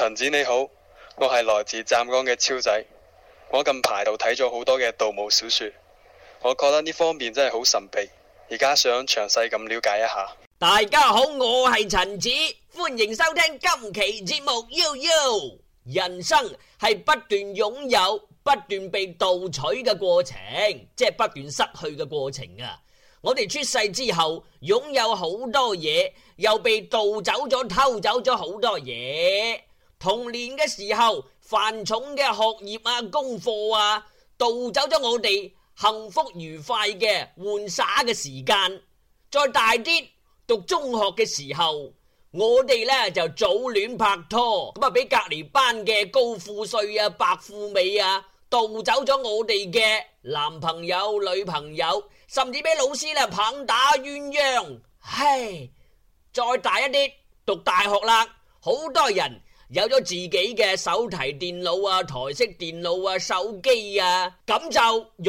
陳子你好，我係來自湛江嘅超仔。我近排度睇咗好多嘅盜墓小說，我覺得呢方面真係好神秘。而家想詳細咁了解一下。大家好，我係陳子，歡迎收聽今期節目。悠悠人生係不斷擁有、不斷被盜取嘅過程，即係不斷失去嘅過程啊！我哋出世之後擁有好多嘢，又被盜走咗、偷走咗好多嘢。童年嘅時候，繁重嘅學業啊，功課啊，盜走咗我哋幸福愉快嘅玩耍嘅時間。再大啲，讀中學嘅時候，我哋呢就早戀拍拖，咁啊俾隔籬班嘅高富帥啊、白富美啊盜走咗我哋嘅男朋友、女朋友，甚至俾老師呢棒打鴛鴦。唉，再大一啲，讀大學啦，好多人。有咗自己嘅手提電腦啊、檯式電腦啊、手機啊，咁就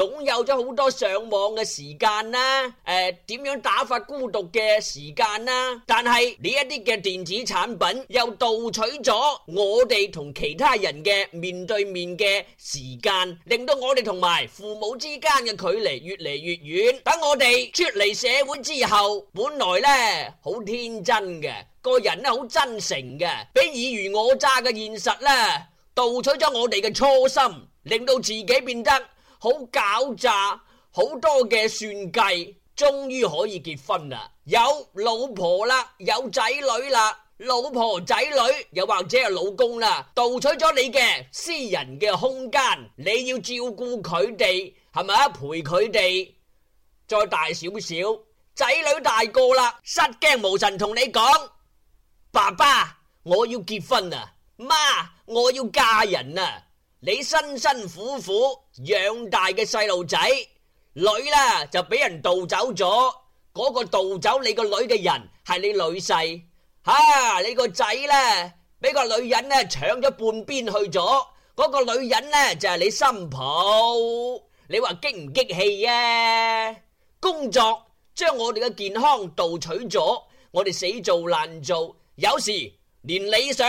擁有咗好多上網嘅時間啦。誒、呃，點樣打發孤獨嘅時間啦？但係呢一啲嘅電子產品又盜取咗我哋同其他人嘅面對面嘅時間，令到我哋同埋父母之間嘅距離越嚟越遠。等我哋出嚟社會之後，本來呢好天真嘅。個人咧好真誠嘅，俾爾虞我詐嘅現實呢盜取咗我哋嘅初心，令到自己變得好狡詐，好多嘅算計，終於可以結婚啦，有老婆啦，有仔女啦，老婆仔女又或者係老公啦，盜取咗你嘅私人嘅空間，你要照顧佢哋係咪啊？陪佢哋再大少少，仔女大個啦，失驚無神同你講。爸爸，我要結婚啊！媽，我要嫁人啊！你辛辛苦苦養大嘅細路仔女呢，就俾人盜走咗。嗰、那個盜走你個女嘅人係你女婿吓、啊。你個仔呢，俾個女人呢搶咗半邊去咗。嗰、那個女人呢，就係、是、你新抱。你話激唔激氣呀、啊？工作將我哋嘅健康盜取咗，我哋死做爛做。有時連理想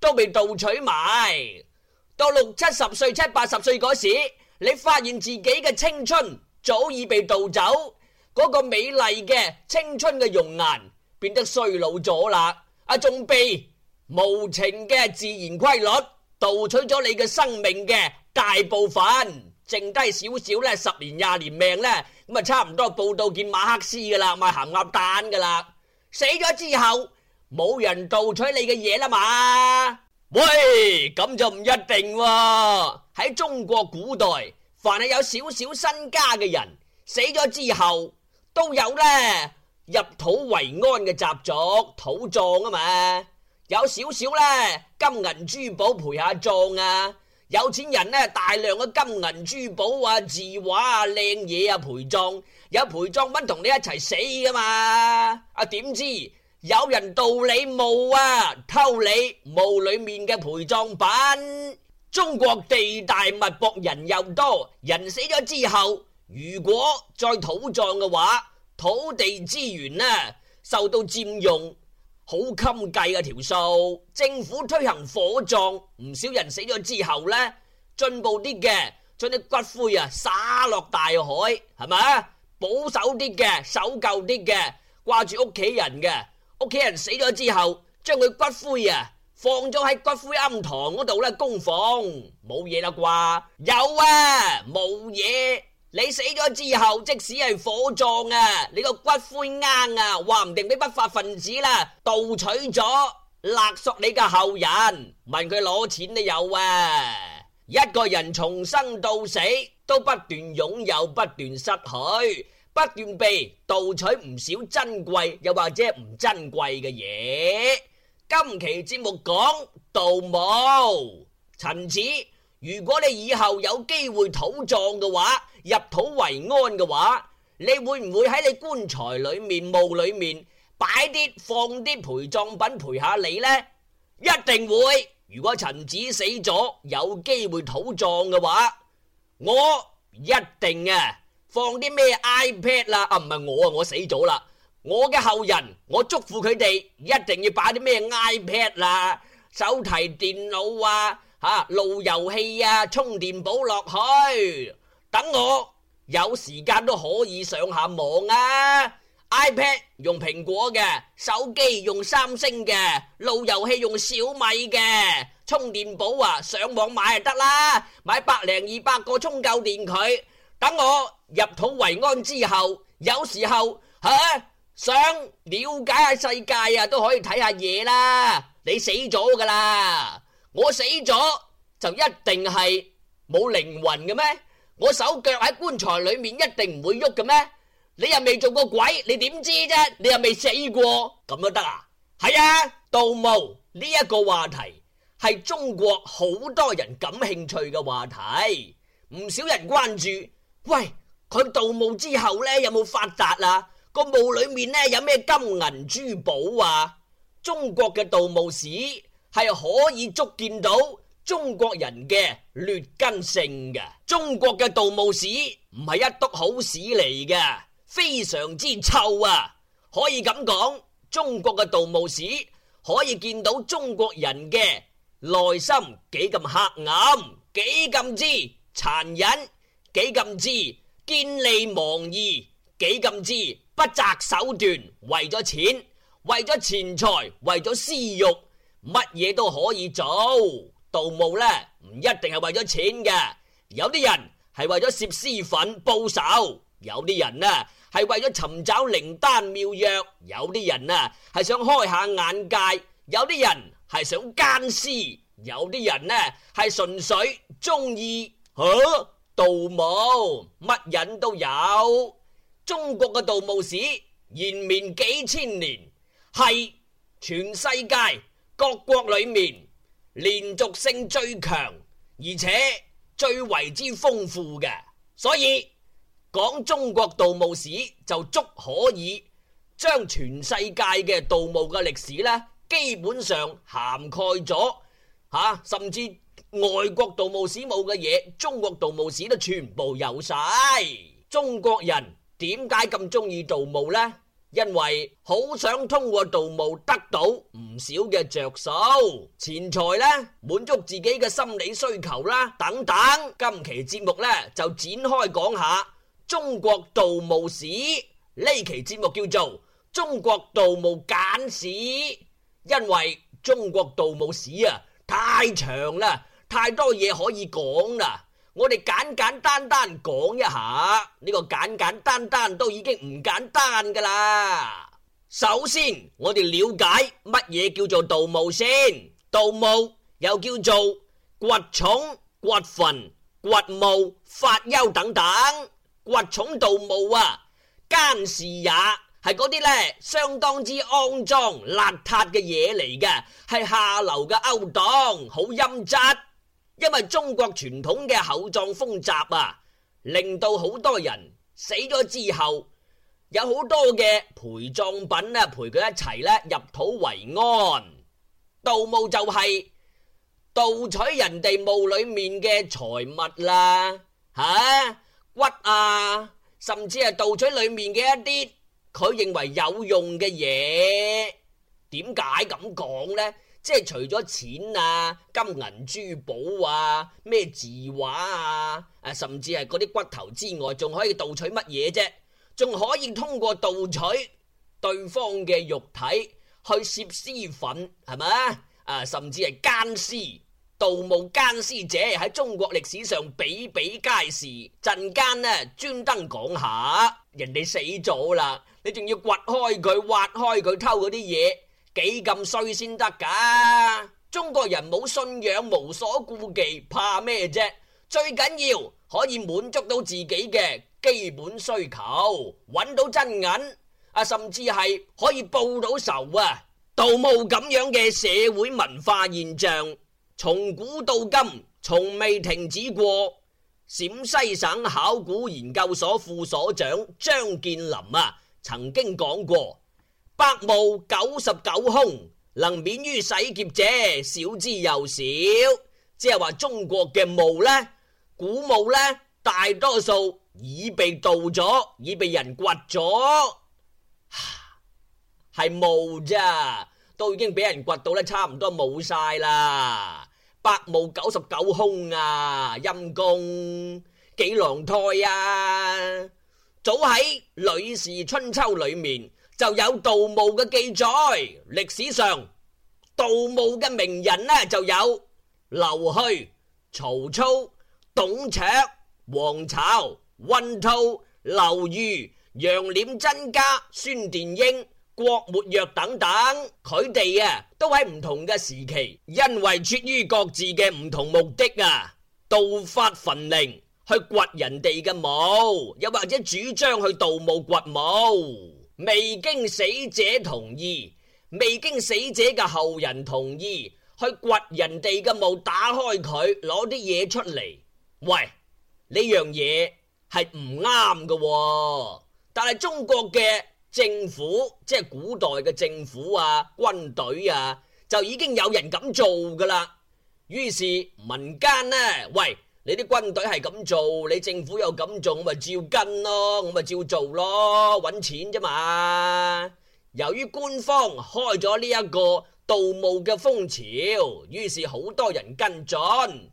都被盜取埋。到六七十歲、七八十歲嗰時，你發現自己嘅青春早已被盜走，嗰個美麗嘅青春嘅容顏變得衰老咗啦。啊，仲被無情嘅自然規律盜取咗你嘅生命嘅大部分，剩低少少咧，十年廿年命呢。咁啊，差唔多報到見馬克思噶啦，賣鹹鴨蛋噶啦，死咗之後。冇人盜取你嘅嘢啦嘛？喂，咁就唔一定喎。喺中國古代，凡係有少少身家嘅人，死咗之後都有呢入土為安嘅習俗，土葬啊嘛。有少少呢金銀珠寶陪下葬啊。有錢人呢，大量嘅金銀珠寶啊字畫啊靚嘢啊陪葬，有陪葬品同你一齊死噶嘛？啊，點知？有人盜你墓啊，偷你墓裏面嘅陪葬品。中國地大物博，人又多，人死咗之後，如果再土葬嘅話，土地資源呢、啊、受到佔用，好襟計啊條數。政府推行火葬，唔少人死咗之後呢，進步啲嘅將啲骨灰啊撒落大海，係咪？保守啲嘅守舊啲嘅，掛住屋企人嘅。屋企人死咗之後，將佢骨灰啊放咗喺骨灰庵堂嗰度咧供奉，冇嘢啦啩？有啊，冇嘢。你死咗之後，即使係火葬啊，你個骨灰罌啊，話唔定俾不法分子啦盜取咗，勒索你嘅後人，問佢攞錢都有啊。一個人從生到死，都不斷擁有，不斷失去。不斷被盜取唔少珍貴又或者唔珍貴嘅嘢。今期節目講盜墓。陳子，如果你以後有機會土葬嘅話，入土為安嘅話，你會唔會喺你棺材裏面墓裏面擺啲放啲陪葬品陪下你呢？一定會。如果陳子死咗有機會土葬嘅話，我一定啊。放啲咩 iPad 啦？啊，唔係我啊，我死咗啦！我嘅後人，我祝福佢哋一定要擺啲咩 iPad 啦、手提電腦啊、吓、啊、路由器啊、充電寶落去，等我有時間都可以上下網啊！iPad 用蘋果嘅，手機用三星嘅，路由器用小米嘅，充電寶啊上網買就得啦，買百零二百個充夠電佢。等我入土為安之後，有時候吓想了解下世界啊，都可以睇下嘢啦。你死咗噶啦，我死咗就一定係冇靈魂嘅咩？我手腳喺棺材裏面一定唔會喐嘅咩？你又未做過鬼，你點知啫？你又未死過，咁都得啊？係啊，盜墓呢一個話題係中國好多人感興趣嘅話題，唔少人關注。喂，佢盜墓之後呢，有冇發達啊？個墓裏面呢，有咩金銀珠寶啊？中國嘅盜墓史係可以足見到中國人嘅劣根性嘅。中國嘅盜墓史唔係一督好屎嚟嘅，非常之臭啊！可以咁講，中國嘅盜墓史可以見到中國人嘅內心幾咁黑暗，幾咁之殘忍。幾咁之見利忘義，幾咁之不擇手段，為咗錢，為咗錢財，為咗私欲，乜嘢都可以做。盜墓呢，唔一定係為咗錢嘅，有啲人係為咗泄私憤，報仇，有啲人呢，係為咗尋找靈丹妙藥，有啲人呢，係想開下眼界，有啲人係想奸屍，有啲人呢，係純粹中意，嗬、啊。盜墓乜人都有，中國嘅盜墓史延綿幾千年，係全世界各國裏面連續性最強，而且最為之豐富嘅。所以講中國盜墓史就足可以將全世界嘅盜墓嘅歷史咧，基本上涵蓋咗吓，啊，甚至。外國盜墓史冇嘅嘢，中國盜墓史都全部有晒。中國人點解咁中意盜墓呢？因為好想通過盜墓得到唔少嘅着數錢財呢，滿足自己嘅心理需求啦，等等。今期節目呢就展開講下中國盜墓史。呢期節目叫做《中國盜墓簡史》，因為中國盜墓史啊太長啦。太多嘢可以講啦，我哋簡簡單單講一下呢、這個簡簡單單都已經唔簡單噶啦。首先，我哋了解乜嘢叫做盜墓先？盜墓又叫做掘冢、掘墳、掘墓、發丘等等。掘冢盜墓啊，奸事也係嗰啲呢，相當之骯髒、邋遢嘅嘢嚟嘅，係下流嘅勾當，好陰質。因為中國傳統嘅厚葬風習啊，令到好多人死咗之後，有好多嘅陪葬品啊陪佢一齊咧，入土為安。盜墓就係盜取人哋墓裏面嘅財物啦，吓、啊、骨啊，甚至係盜取裏面嘅一啲佢認為有用嘅嘢。點解咁講呢？即係除咗錢啊、金銀珠寶啊、咩字畫啊，啊甚至係嗰啲骨頭之外，仲可以盜取乜嘢啫？仲可以通過盜取對方嘅肉體去攝屍粉，係咪啊？甚至係奸屍。盜墓奸屍者喺中國歷史上比比皆是。陣間呢，專登講下，人哋死咗啦，你仲要掘開佢、挖開佢、偷嗰啲嘢。幾咁衰先得噶？中國人冇信仰，無所顧忌，怕咩啫？最緊要可以滿足到自己嘅基本需求，揾到真銀啊，甚至係可以報到仇啊！盜墓咁樣嘅社會文化現象，從古到今，從未停止過。陝西省考古研究所副所長張建林啊，曾經講過。百墓九十九空，能免於洗劫者少之又少。即係話中國嘅墓呢，古墓呢，大多數已被盜咗，已被人掘咗。係墓咋，都已經俾人掘到咧，差唔多冇晒啦。百墓九十九空啊，陰公幾狼胎啊，早喺《呂氏春秋》裏面。就有盜墓嘅記載。歷史上盜墓嘅名人呢、啊，就有劉去、曹操、董卓、黃巢、溫韜、劉豫、楊璉真迦、孫殿英、郭沫若等等。佢哋啊，都喺唔同嘅時期，因為出於各自嘅唔同目的啊，盜發墳陵去掘人哋嘅墓，又或者主張去盜墓掘墓。未經死者同意，未經死者嘅後人同意，去掘人哋嘅墓，打開佢攞啲嘢出嚟，喂，呢樣嘢係唔啱㗎喎。但係中國嘅政府，即係古代嘅政府啊，軍隊啊，就已經有人咁做噶啦。於是民間呢，喂。你啲軍隊係咁做，你政府又咁做，我咪照跟咯，我咪照做咯，揾錢啫嘛。由於官方開咗呢一個盜墓嘅風潮，於是好多人跟進。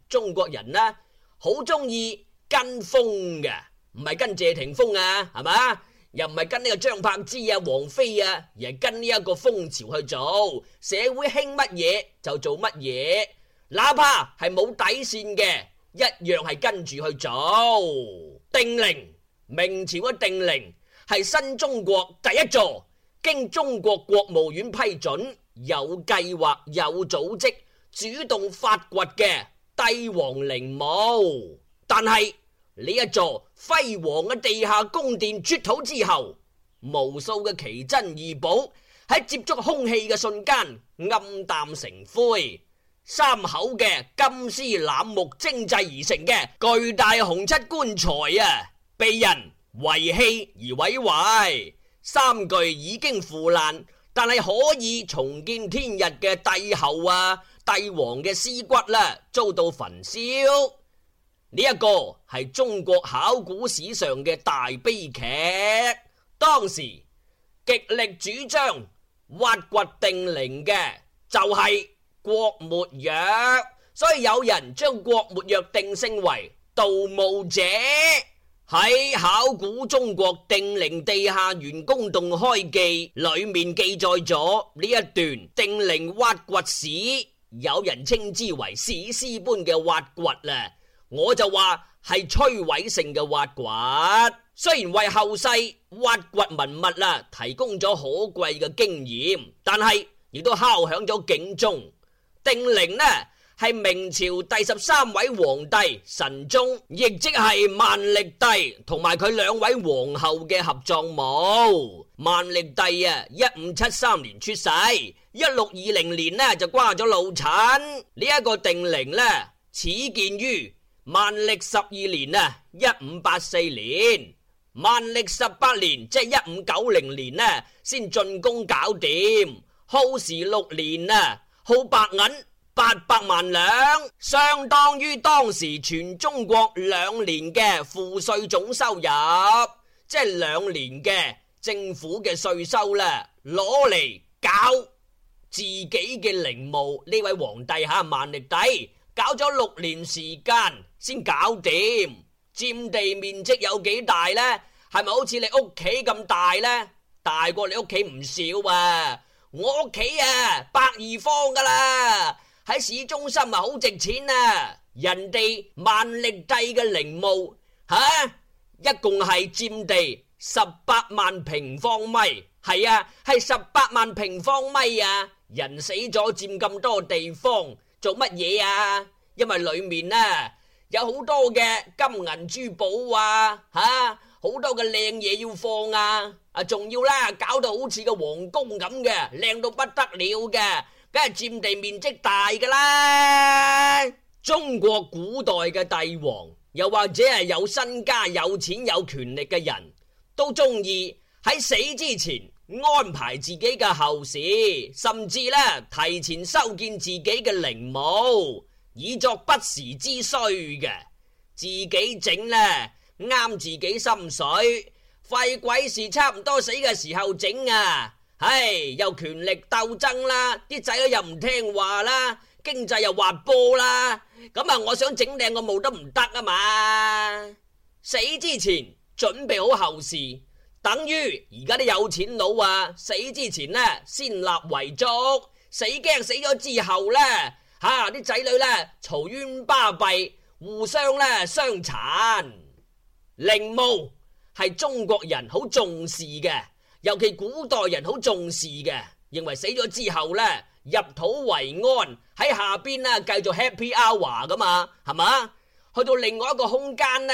中國人呢好中意跟風嘅，唔係跟謝霆鋒啊，係嘛？又唔係跟呢個張柏芝啊、王菲啊，而係跟呢一個風潮去做。社會興乜嘢就做乜嘢，哪怕係冇底線嘅。一樣係跟住去做。定陵，明朝嘅定陵係新中國第一座經中國國務院批准、有計劃、有組織、主動發掘嘅帝王陵墓。但係呢一座輝煌嘅地下宮殿出土之後，無數嘅奇珍異寶喺接觸空氣嘅瞬間暗淡成灰。三口嘅金絲楠木精製而成嘅巨大紅漆棺材啊，被人遺棄而毀壞，三具已經腐爛，但係可以重見天日嘅帝后啊、帝皇嘅屍骨啦、啊，遭到焚燒，呢、這、一個係中國考古史上嘅大悲劇。當時極力主張挖掘定陵嘅就係、是。郭沫若，所以有人將郭沫若定性為盜墓者。喺考古中國定陵地下玄宮洞開記裏面記載咗呢一段定陵挖掘史，有人稱之為史詩般嘅挖掘啦。我就話係摧毀性嘅挖掘，雖然為後世挖掘文物啦提供咗可貴嘅經驗，但係亦都敲響咗警鐘。定陵呢係明朝第十三位皇帝神宗，亦即係萬歷帝同埋佢兩位皇后嘅合葬墓。萬歷帝啊，一五七三年出世，一六二零年呢就瓜咗老襯。呢、這、一個定陵呢，始建於萬歷十二年啊，一五八四年，萬歷十八年即一五九零年呢，先進攻搞掂，耗時六年啊。.耗白銀八百萬兩，相當於當時全中國兩年嘅賦稅總收入，即係兩年嘅政府嘅稅收啦。攞嚟搞自己嘅陵墓，呢位皇帝吓，萬曆帝，搞咗六年時間先搞掂。佔地面積有幾大呢？係咪好似你屋企咁大呢？大過你屋企唔少啊！我屋企啊，百二方噶啦，喺市中心啊，好值錢啊！人哋萬曆帝嘅陵墓，吓、啊，一共係占地十八萬平方米，係啊，係十八萬平方米啊！人死咗佔咁多地方做乜嘢啊？因為裏面啊有好多嘅金銀珠寶啊，吓、啊，好多嘅靚嘢要放啊！仲要啦！搞到好似個皇宮咁嘅，靚到不得了嘅，梗係占地面積大噶啦。中國古代嘅帝王，又或者係有身家、有錢、有權力嘅人都中意喺死之前安排自己嘅後事，甚至呢，提前修建自己嘅陵墓，以作不時之需嘅。自己整呢，啱自己心水。廢鬼事，差唔多死嘅時候整啊！唉，又權力鬥爭啦，啲仔女又唔聽話啦，經濟又滑坡啦，咁啊，我想整靚個墓都唔得啊嘛！死之前準備好後事，等於而家啲有錢佬啊，死之前呢先立遺囑，死驚死咗之後呢，吓啲仔女呢嘈冤巴閉，互相呢傷殘陵墓。係中國人好重視嘅，尤其古代人好重視嘅，認為死咗之後呢，入土為安，喺下邊啦繼續 happy hour 噶嘛，係嘛？去到另外一個空間呢，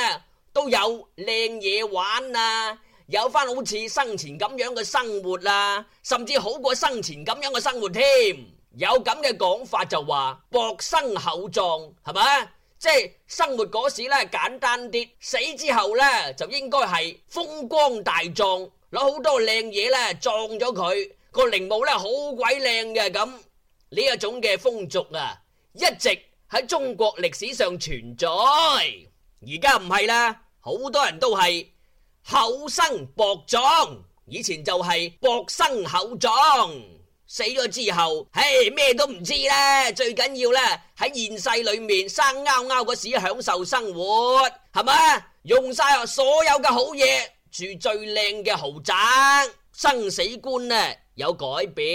都有靚嘢玩啊，有翻好似生前咁樣嘅生活啦，啊，甚至好過生前咁樣嘅生活添，有咁嘅講法就話薄生厚葬，係咪啊？即係生活嗰時咧簡單啲，死之後呢就應該係風光大葬，攞好多靚嘢呢葬咗佢，個陵墓呢好鬼靚嘅，咁呢一種嘅風俗啊，一直喺中國歷史上存在。而家唔係啦，好多人都係厚生薄葬，以前就係薄生厚葬。死咗之後，嘿，咩都唔知啦。最緊要呢，喺現世裏面生勾勾嗰時享受生活，係咪啊？用晒所有嘅好嘢，住最靚嘅豪宅。生死觀呢有改變。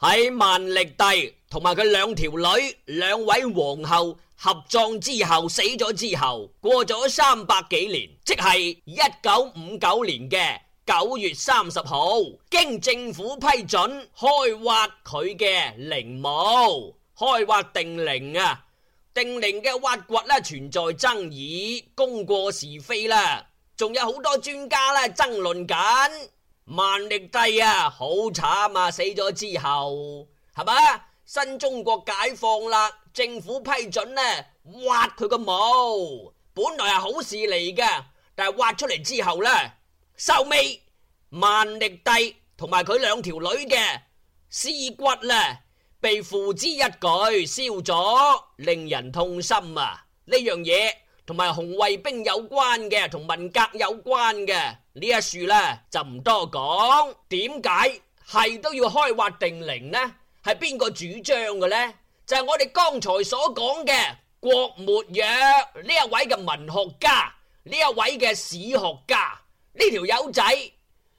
喺萬曆帝同埋佢兩條女兩位皇后合葬之後，死咗之後，過咗三百幾年，即係一九五九年嘅。九月三十號，經政府批准開挖佢嘅陵墓，開挖定陵啊！定陵嘅挖掘咧存在爭議，功過是非啦，仲有好多專家呢，爭論緊。萬歷帝啊，好慘啊，死咗之後，係嘛？新中國解放啦，政府批准呢，挖佢個墓，本來係好事嚟嘅，但係挖出嚟之後呢，臭味。萬曆帝同埋佢兩條女嘅屍骨呢，被付之一炬燒咗，令人痛心啊！呢樣嘢同埋紅衛兵有關嘅，同文革有關嘅呢？一樹呢，就唔多講。點解係都要開挖定陵呢？係邊個主張嘅呢？就係、是、我哋剛才所講嘅郭沫若呢一位嘅文學家，呢一位嘅史學家呢條友仔。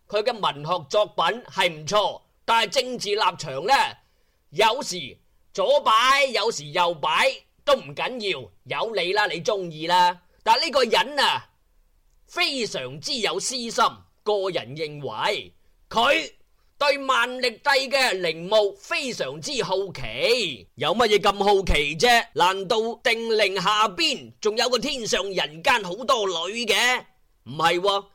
佢嘅文學作品係唔錯，但係政治立場呢，有時左擺，有時右擺都唔緊要，有你啦，你中意啦。但係呢個人啊，非常之有私心，個人認為佢對萬曆帝嘅陵墓非常之好奇。有乜嘢咁好奇啫？難道定陵下邊仲有個天上人間好多女嘅？唔係啊。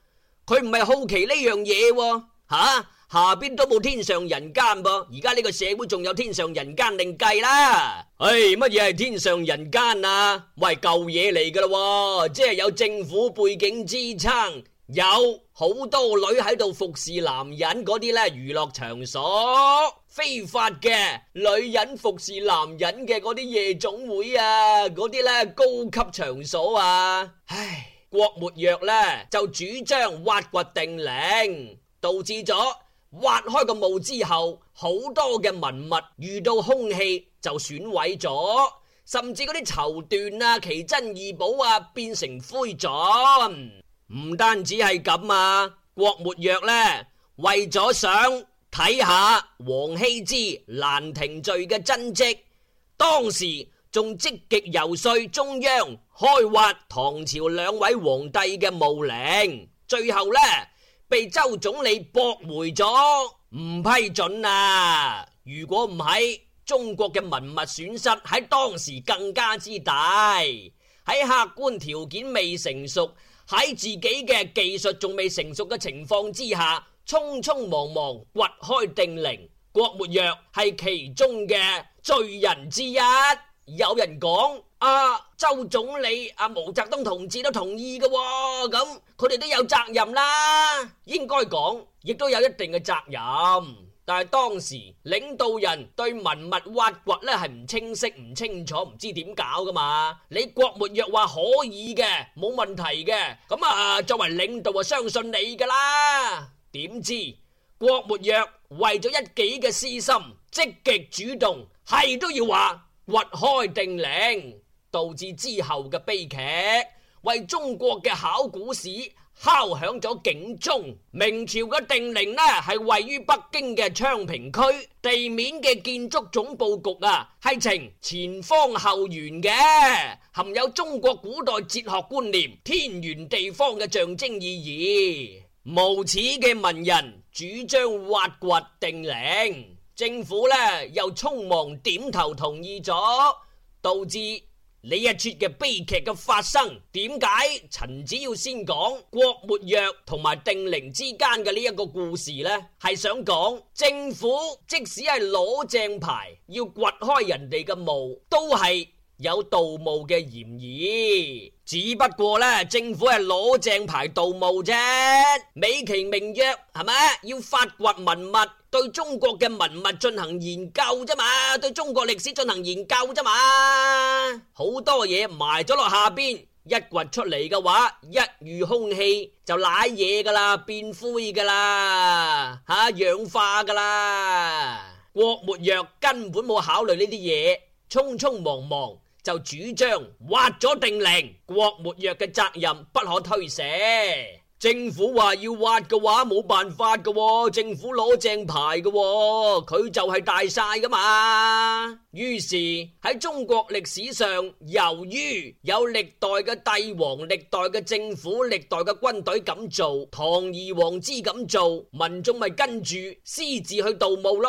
佢唔係好奇呢樣嘢，吓、啊、下邊都冇天上人間噃，而家呢個社會仲有天上人間另計啦。唉，乜嘢係天上人間、哎、啊？喂，舊嘢嚟噶啦，即係有政府背景支撐，有好多女喺度服侍男人嗰啲呢娛樂場所，非法嘅女人服侍男人嘅嗰啲夜總會啊，嗰啲呢高級場所啊，唉。郭沫若呢，就主張挖掘定陵，導致咗挖開個墓之後，好多嘅文物遇到空氣就損毀咗，甚至嗰啲綢緞啊、奇珍異寶啊變成灰燼。唔單止係咁啊，郭沫若呢，為咗想睇下王羲之蘭亭序嘅真迹，當時。仲積極游說中央開挖唐朝兩位皇帝嘅墓陵，最後呢，被周總理駁回咗，唔批准啊！如果唔係中國嘅文物損失喺當時更加之大。喺客觀條件未成熟，喺自己嘅技術仲未成熟嘅情況之下，匆匆忙忙掘開定陵，郭沫若係其中嘅罪人之一。有人講啊周總理、啊毛澤東同志都同意嘅，咁，佢哋都有責任啦。應該講亦都有一定嘅責任，但係當時領導人對文物挖掘呢係唔清晰、唔清楚、唔知點搞㗎嘛。你郭沫若話可以嘅，冇問題嘅咁啊。作為領導啊，相信你噶啦。點知郭沫若為咗一己嘅私心，積極主動係都要話。掘開定陵，導致之後嘅悲劇，為中國嘅考古史敲響咗警鐘。明朝嘅定陵呢，係位於北京嘅昌平區，地面嘅建築總布局啊，係呈前方後圓嘅，含有中國古代哲學觀念天圓地方嘅象徵意義。無恥嘅文人主張挖掘定陵。政府咧，又匆忙點頭同意咗，導致呢一出嘅悲劇嘅發生。點解陳子要先講郭沫若同埋定陵之間嘅呢一個故事呢？係想講政府即使係攞正牌要掘開人哋嘅墓，都係。有盜墓嘅嫌疑，只不過呢，政府係攞正牌盜墓啫。美其名曰係咪要發掘文物，對中國嘅文物進行研究啫嘛？對中國歷史進行研究啫嘛？好多嘢埋咗落下邊，一掘出嚟嘅話，一遇空氣就舐嘢噶啦，變灰噶啦，吓氧化噶啦。郭沫若根本冇考慮呢啲嘢，匆匆忙忙。就主張挖咗定陵，郭沫若嘅責任不可推卸。政府話要挖嘅話冇辦法噶喎，政府攞正牌噶喎，佢就係大晒噶嘛。於是喺中國歷史上，由於有歷代嘅帝王、歷代嘅政府、歷代嘅軍隊咁做，堂而皇之咁做，民眾咪跟住私自去盜墓咯。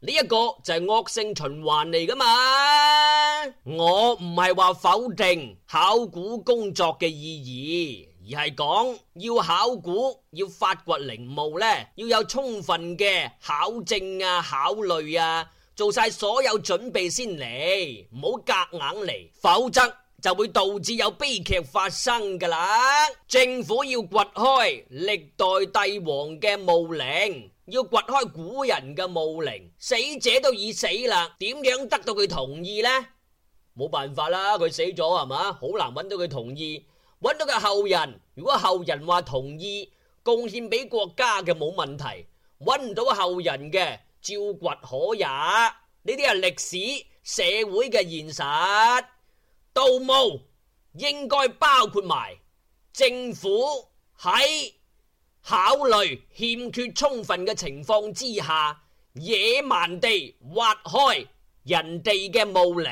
呢一個就係惡性循環嚟噶嘛。我唔係話否定考古工作嘅意義。而係講要考古、要發掘陵墓呢，要有充分嘅考證啊、考慮啊，做晒所有準備先嚟，唔好夾硬嚟，否則就會導致有悲劇發生噶啦。政府要掘開歷代帝王嘅墓陵，要掘開古人嘅墓陵，死者都已死啦，點樣得到佢同意呢？冇辦法啦，佢死咗係咪，好難搵到佢同意。揾到嘅後人，如果後人話同意貢獻俾國家嘅冇問題。揾唔到個後人嘅，照掘可也。呢啲係歷史社會嘅現實。盜墓應該包括埋政府喺考慮欠缺充分嘅情況之下，野蠻地挖開人哋嘅墓陵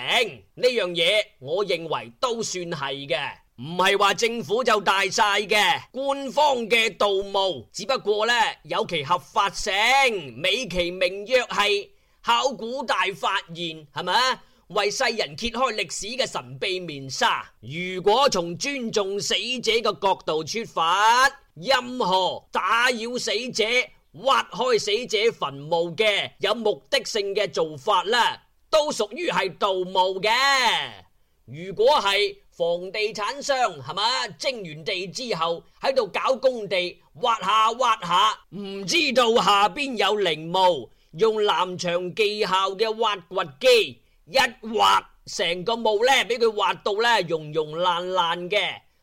呢樣嘢，我認為都算係嘅。唔係話政府就大晒嘅。官方嘅盜墓，只不過呢，有其合法性，美其名曰係考古大發現，係咪啊？為世人揭開歷史嘅神秘面紗。如果從尊重死者嘅角度出發，任何打擾死者、挖開死者墳墓嘅有目的性嘅做法呢，都屬於係盜墓嘅。如果係。房地產商係嘛，徵完地之後喺度搞工地，挖下挖下，唔知道下邊有陵墓，用藍翔技校嘅挖掘機一挖，成個墓呢俾佢挖到呢溶溶爛爛嘅，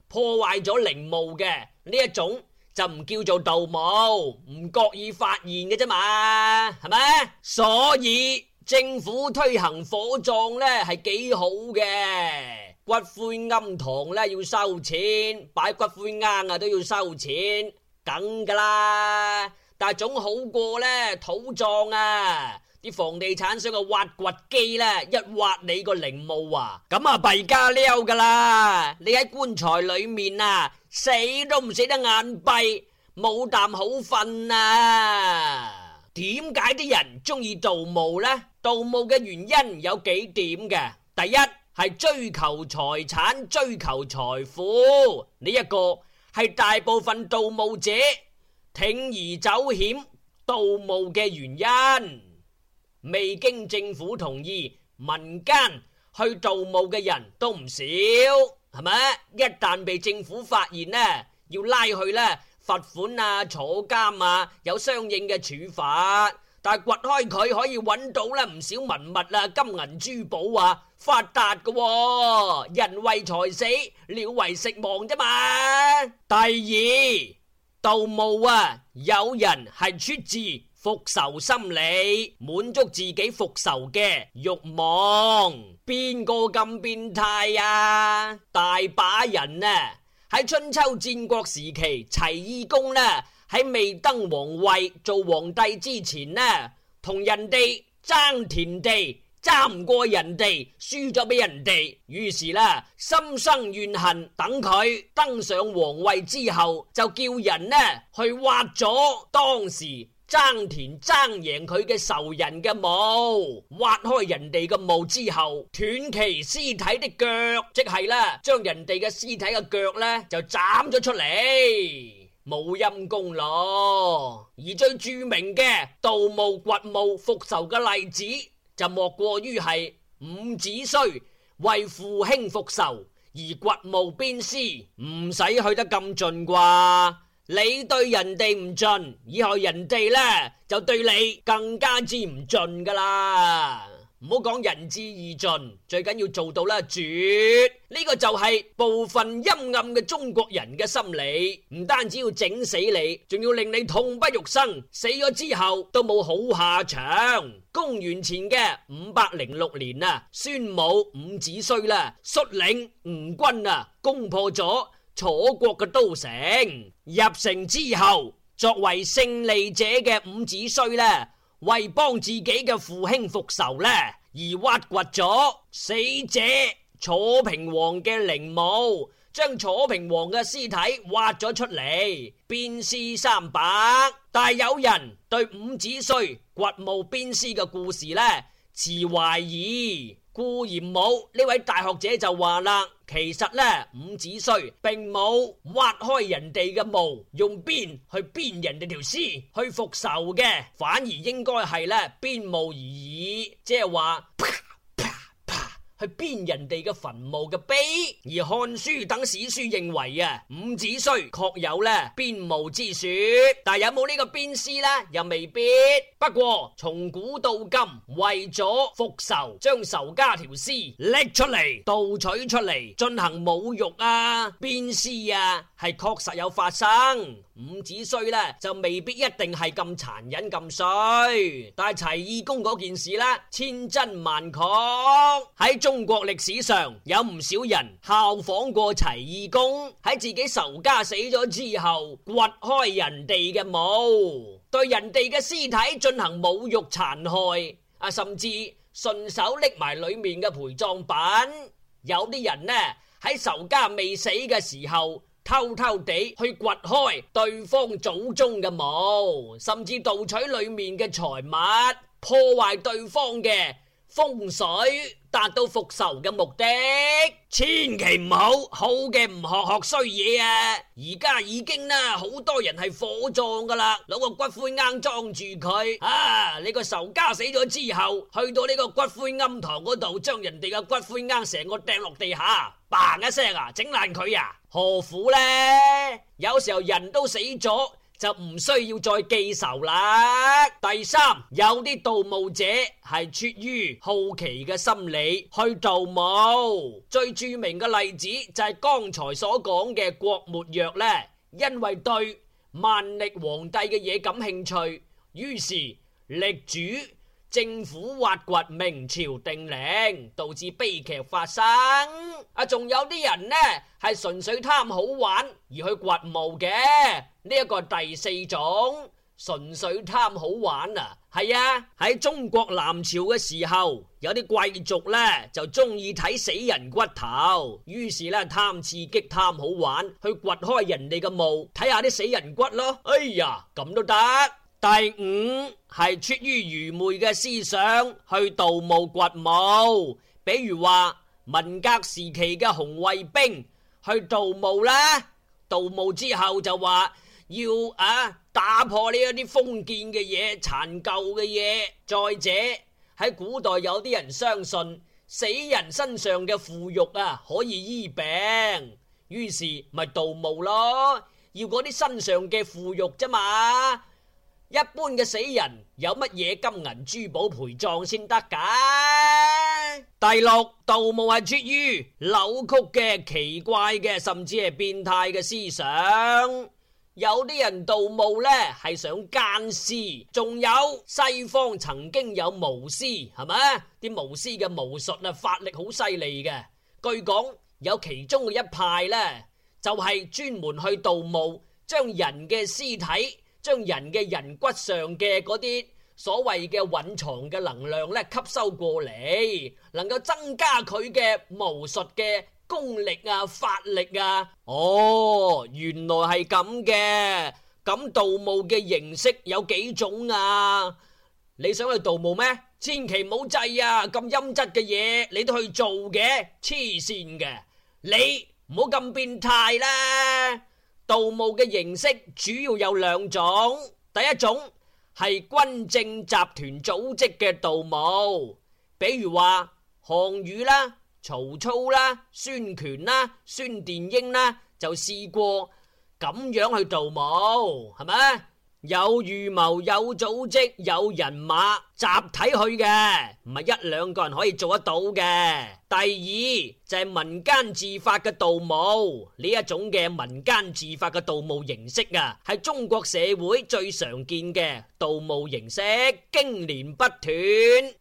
破壞咗陵墓嘅呢一種就唔叫做盜墓，唔覺意發現嘅啫嘛，係咪？所以政府推行火葬呢係幾好嘅。骨灰龕堂咧要收錢，擺骨灰罌啊都要收錢，梗噶啦。但係總好過咧土葬啊，啲房地產商個挖掘機啦一挖你個陵墓啊，咁啊弊家溜噶啦。你喺棺材裏面啊，死都唔死得眼閉，冇啖好瞓啊。點解啲人中意盜墓咧？盜墓嘅原因有幾點嘅？第一。係追求財產、追求財富，呢一個係大部分盜墓者鋌而走險盜墓嘅原因。未經政府同意，民間去盜墓嘅人都唔少，係咪？一旦被政府發現呢，要拉去呢罰款啊、坐監啊，有相應嘅處罰。但掘開佢可以揾到咧唔少文物啊、金銀珠寶啊，發達噶。哦，人為財死，鳥為食亡啫嘛。第二，盜墓啊，有人係出自復仇心理，滿足自己復仇嘅欲望。邊個咁變態啊？大把人啊，喺春秋戰國時期，齊義公呢、啊。喺未登皇位做皇帝之前呢，同人哋爭田地，爭唔過人哋，輸咗俾人哋，於是呢心生怨恨。等佢登上皇位之後，就叫人呢去挖咗當時爭田爭贏佢嘅仇人嘅墓，挖開人哋嘅墓之後，斷其屍體的腳，即係呢將人哋嘅屍體嘅腳呢就斬咗出嚟。冇陰功咯，而最著名嘅盜墓掘墓復仇嘅例子就莫過於係伍子胥為父兄復仇而掘墓鞭屍，唔使去得咁盡啩。你對人哋唔盡，以後人哋呢，就對你更加之唔盡噶啦。唔好講仁至義盡，最緊要做到啦絕。呢個就係部分陰暗嘅中國人嘅心理，唔單止要整死你，仲要令你痛不欲生，死咗之後都冇好下場。公元前嘅五百零六年啊，孫武、伍子胥啦，率領吳軍啊，攻破咗楚國嘅都城。入城之後，作為勝利者嘅伍子胥啦。為幫自己嘅父兄復仇呢，而挖掘咗死者楚平王嘅陵墓，將楚平王嘅屍體挖咗出嚟，鞭屍三百，但有人對伍子胥掘墓鞭屍嘅故事呢，持懷疑。固然冇呢位大學者就話啦，其實呢伍子胥並冇挖開人哋嘅墓，用鞭去鞭人哋條屍去復仇嘅，反而應該係呢鞭墓而已，即係話。去鞭人哋嘅墳墓嘅碑，而漢書等史書認為啊，伍子胥確有咧鞭墓之說，但係有冇呢個鞭屍咧，又未必。不過從古到今，為咗復仇，將仇家條屍拎出嚟盜取出嚟進行侮辱啊，鞭屍啊！係確實有發生，伍子胥呢就未必一定係咁殘忍咁衰。但係齊懿公嗰件事呢，千真萬確。喺中國歷史上，有唔少人效仿過齊懿公，喺自己仇家死咗之後，掘開人哋嘅墓，對人哋嘅屍體進行侮辱殘害，啊，甚至順手拎埋裏面嘅陪葬品。有啲人呢喺仇家未死嘅時候。偷偷地去掘開對方祖宗嘅墓，甚至盜取裏面嘅財物，破壞對方嘅風水。達到復仇嘅目的，千祈唔好，好嘅唔學學衰嘢啊！而家已經啦，好多人係火葬噶啦，攞個骨灰罌裝住佢啊！你個仇家死咗之後，去到呢個骨灰庵堂嗰度，將人哋嘅骨灰罌成個掟落地下，嘭一聲啊，整爛佢啊！何苦呢？有時候人都死咗。就唔需要再記仇啦。第三，有啲盜墓者係出於好奇嘅心理去盜墓，最著名嘅例子就係剛才所講嘅郭沫若咧，因為對萬曆皇帝嘅嘢感興趣，於是力主。政府挖掘明朝定陵，導致悲劇發生。啊，仲有啲人呢，係純粹貪好玩而去掘墓嘅。呢一個第四種，純粹貪好玩啊。係啊，喺中國南朝嘅時候，有啲貴族呢就中意睇死人骨頭，於是呢貪刺激、貪好玩，去掘開人哋嘅墓，睇下啲死人骨咯。哎呀，咁都得。第五係出於愚昧嘅思想去盜墓掘墓，比如話文革時期嘅紅衛兵去盜墓啦。盜墓之後就話要啊打破呢一啲封建嘅嘢、殘舊嘅嘢。再者喺古代有啲人相信死人身上嘅腐肉啊可以醫病，於是咪盜墓咯，要嗰啲身上嘅腐肉啫嘛。一般嘅死人有乜嘢金銀珠寶陪葬先得㗎？第六盜墓係出於扭曲嘅、奇怪嘅，甚至係變態嘅思想。有啲人盜墓呢係想奸屍，仲有西方曾經有巫師，係咪？啲巫師嘅巫術啊，法力好犀利嘅。據講有其中嘅一派呢，就係專門去盜墓，將人嘅屍體。將人嘅人骨上嘅嗰啲所謂嘅蘊藏嘅能量咧吸收過嚟，能夠增加佢嘅巫術嘅功力啊、法力啊。哦，原來係咁嘅。咁盜墓嘅形式有幾種啊？你想去盜墓咩？千祈唔好制啊！咁陰質嘅嘢，你都去做嘅，黐綫嘅！你唔好咁變態啦！盜墓嘅形式主要有兩種，第一種係軍政集團組織嘅盜墓，比如話項羽啦、曹操啦、孫權啦、孫殿英啦，就試過咁樣去盜墓，係咪？有預謀、有組織、有人馬。集體去嘅，唔係一兩個人可以做得到嘅。第二就係民間自發嘅盜墓，呢一種嘅民間自發嘅盜墓形式啊，係中國社會最常見嘅盜墓形式，經年不斷。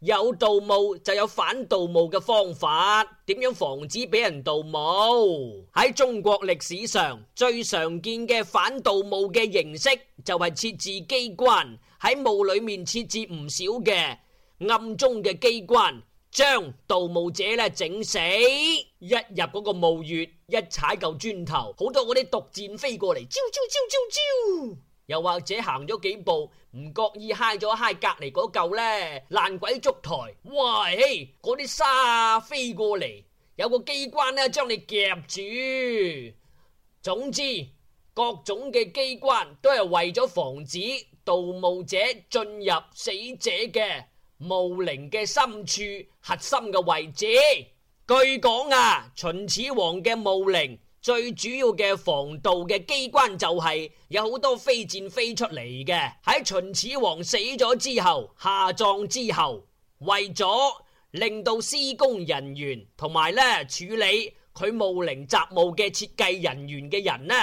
有盜墓就有反盜墓嘅方法，點樣防止俾人盜墓？喺中國歷史上最常見嘅反盜墓嘅形式就係設置機關。喺墓裏面設置唔少嘅暗中嘅機關，將盜墓者咧整死。一入嗰個墓穴，一踩嚿磚頭，好多嗰啲毒箭飛過嚟，啾啾啾啾啾。又或者行咗幾步，唔覺意揩咗揩隔籬嗰嚿咧爛鬼燭台，喂嗰啲沙飛過嚟，有個機關咧將你夾住。總之，各種嘅機關都係為咗防止。盜墓者進入死者嘅墓陵嘅深處核心嘅位置。據講啊，秦始皇嘅墓陵最主要嘅防盜嘅機關就係有好多飛箭飛出嚟嘅。喺秦始皇死咗之後下葬之後，為咗令到施工人員同埋呢處理佢墓陵雜務嘅設計人員嘅人呢？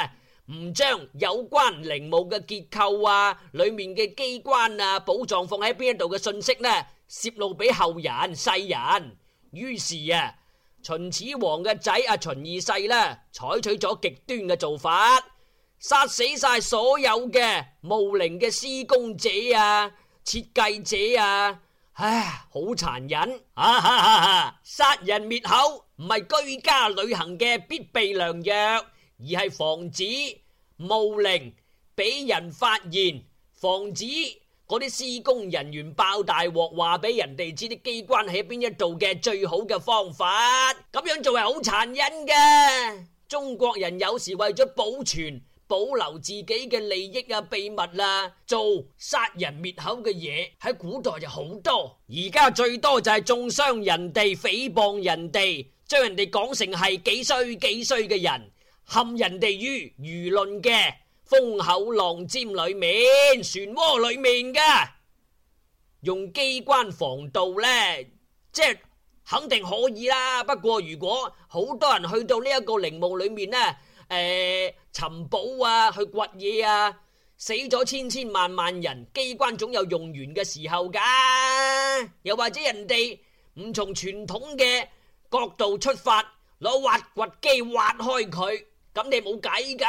唔將有關陵墓嘅結構啊，裏面嘅機關啊，寶藏放喺邊度嘅信息呢，泄露俾後人世人。於是啊，秦始皇嘅仔阿秦二世呢，採取咗極端嘅做法，殺死晒所有嘅墓陵嘅施工者啊、設計者啊，唉，好殘忍啊，哈哈哈！殺人滅口唔係居家旅行嘅必備良藥。而係防止墓陵俾人發現，防止嗰啲施工人員爆大鑊，話俾人哋知啲機關喺邊一度嘅最好嘅方法。咁樣做係好殘忍嘅。中國人有時為咗保存、保留自己嘅利益啊、秘密啦，做殺人滅口嘅嘢喺古代就好多。而家最多就係中傷人哋、誹謗人哋，將人哋講成係幾衰幾衰嘅人。陷人哋於輿論嘅風口浪尖裏面、漩渦裏面嘅，用機關防盜呢，即係肯定可以啦。不過如果好多人去到呢一個陵墓裏面咧，誒、呃，尋寶啊，去掘嘢啊，死咗千千萬萬人，機關總有用完嘅時候噶。又或者人哋唔從傳統嘅角度出發，攞挖掘機挖開佢。咁你冇計嘅，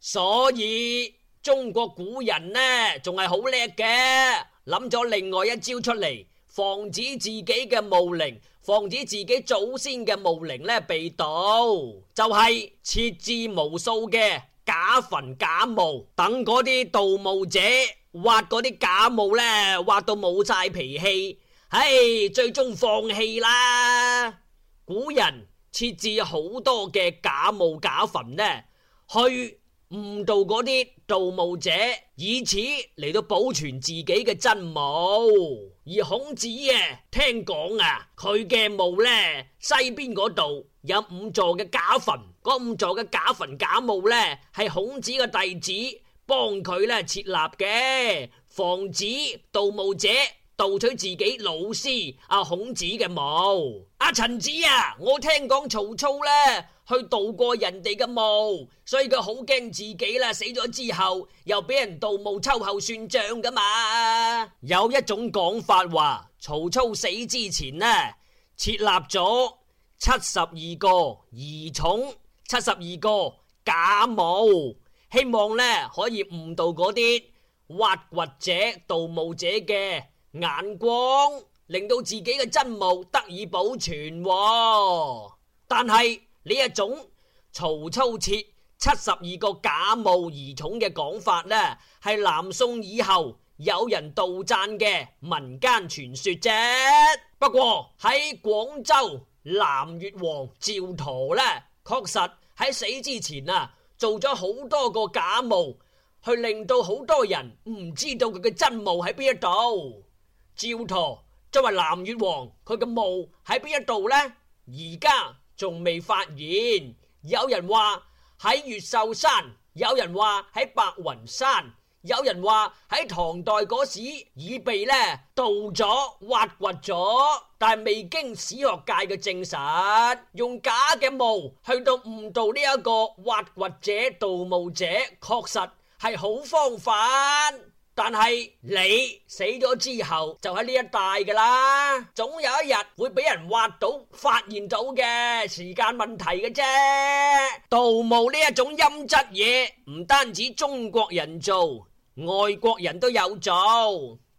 所以中國古人呢仲係好叻嘅，諗咗另外一招出嚟，防止自己嘅墓陵，防止自己祖先嘅墓陵呢被盜，就係設置無數嘅假墳假墓，等嗰啲盜墓者挖嗰啲假墓呢挖到冇晒脾氣，唉，最終放棄啦，古人。設置好多嘅假墓假墳呢，去誤導嗰啲盜墓者，以此嚟到保存自己嘅真墓。而孔子啊聽講啊，佢嘅、啊、墓呢西邊嗰度有五座嘅假墳，嗰、五座嘅假墳假墓呢係孔子嘅弟子幫佢呢設立嘅，防止盜墓者。盜取自己老師阿、啊、孔子嘅墓，阿、啊、陳子啊，我聽講曹操呢去盜過人哋嘅墓，所以佢好驚自己啦。死咗之後又俾人盜墓，秋後算賬㗎嘛？有一種講法話，曹操死之前呢設立咗七十二個疑冢，七十二個假墓，希望呢可以誤導嗰啲挖掘者、盜墓者嘅。眼光令到自己嘅真墓得以保存。哦，但係呢一種曹操設七十二個假墓而重嘅講法呢係南宋以後有人杜撰嘅民間傳說啫。不過喺廣州南越王趙佗呢確實喺死之前啊，做咗好多個假墓，去令到好多人唔知道佢嘅真墓喺邊一度。趙佗作為南越王，佢嘅墓喺邊一度呢？而家仲未發現。有人話喺越秀山，有人話喺白雲山，有人話喺唐代嗰時已被咧盜咗、挖掘咗，但係未經史學界嘅證實，用假嘅墓去到誤導呢一個挖掘者、盜墓者，確實係好方法。但係你死咗之後就喺呢一帶噶啦，總有一日會俾人挖到、發現到嘅，時間問題嘅啫。盜墓呢一種陰質嘢，唔單止中國人做，外國人都有做，